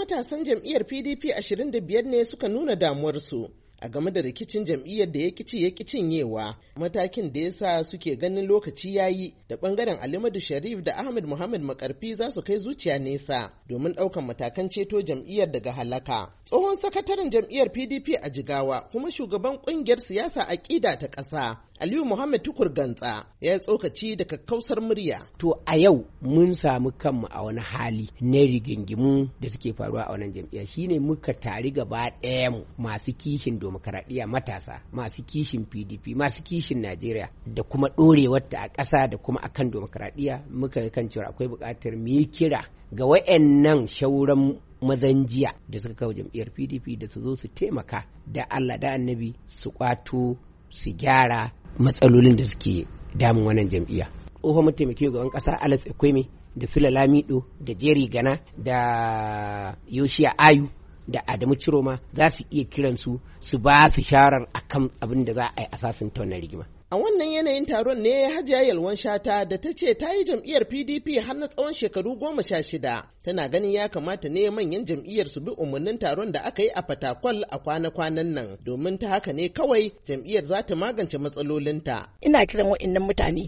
matasan jam'iyyar PDP 25 ne suka nuna damuwarsu a game da rikicin jam'iyyar da ya kici ya cinyewa matakin da ya sa suke ganin lokaci ya yi da bangaren Alimadu Sharif da Ahmed Muhammad Makarfi za su kai zuciya nesa domin ɗaukan matakan ceto jam'iyyar daga halaka. Tsohon sakataren jam'iyyar PDP a Jigawa kuma shugaban ƙungiyar siyasa aƙida ta ƙasa Aliyu Muhammad Tukur Gantsa ya tsokaci daga Kausar murya. To a yau mun samu kanmu a wani hali na rigingimu da suke faruwa a wannan jam'iyya ne muka tari gaba ɗaya mu masu kishin demokaradiyya matasa masu kishin PDP masu kishin Najeriya da kuma ɗorewar ta a ƙasa da kuma akan demokaradiyya muka kan cewa akwai buƙatar mu yi kira ga wayannan shauran mazan jiya da suka kawo jam'iyyar PDP da su zo su taimaka da Allah da Annabi su kwato su gyara matsalolin da suke damun wannan jam'iyya tsohon mataimakin shugaban ƙasa alex ekweme da sula lamido da jerry gana da yoshiya ayu da adamu ciroma za su iya kiransu su ba su sharar akan abin da za a yi asasin tauna rigima A wannan yanayin taron ne Hajiya Yalwan Shata da ta ce ta yi jam'iyyar PDP har na tsawon shekaru goma sha shida. Tana ganin ya kamata ne manyan jam'iyyar su bi umarnin taron da aka yi a Fatakwal a kwana-kwanan nan domin ta haka ne kawai jam'iyyar za ta magance matsalolinta. Ina kiran waɗannan mutane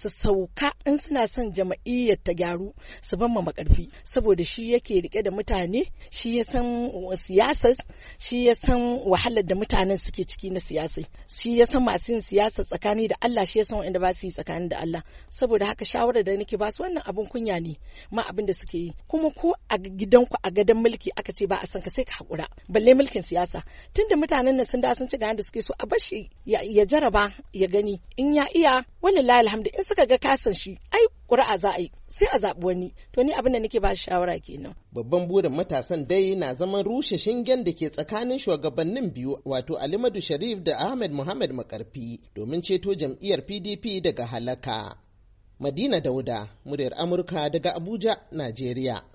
su sauka in suna son jam'iyyar ta gyaru su ban makarfi saboda shi yake rike da mutane shi ya san siyasa shi ya san wahalar da mutanen suke ciki na siyasai shi ya san masu yin siyasa tsakani da Allah shi ya san wanda ba su yi tsakani da Allah saboda haka shawara da nake ba su wannan abun kunya ne ma abin da suke yi kuma ko a gidanku a gadan mulki aka ce ba a san ka sai ka hakura balle mulkin siyasa tunda mutanen nan sun da sun ci ga da suke so a bashi ya jaraba ya gani in ya iya wallahi alhamdu in suka ga kasan shi ai ƙura'a za a yi sai a zaɓi wani to ni abin da nake ba shawara kenan babban burin matasan dai na zaman rushe shingen da ke tsakanin shugabannin biyu wato alimadu sharif da ahmed muhammad makarfi domin ceto jam'iyyar pdp daga halaka madina dauda muryar amurka daga abuja najeriya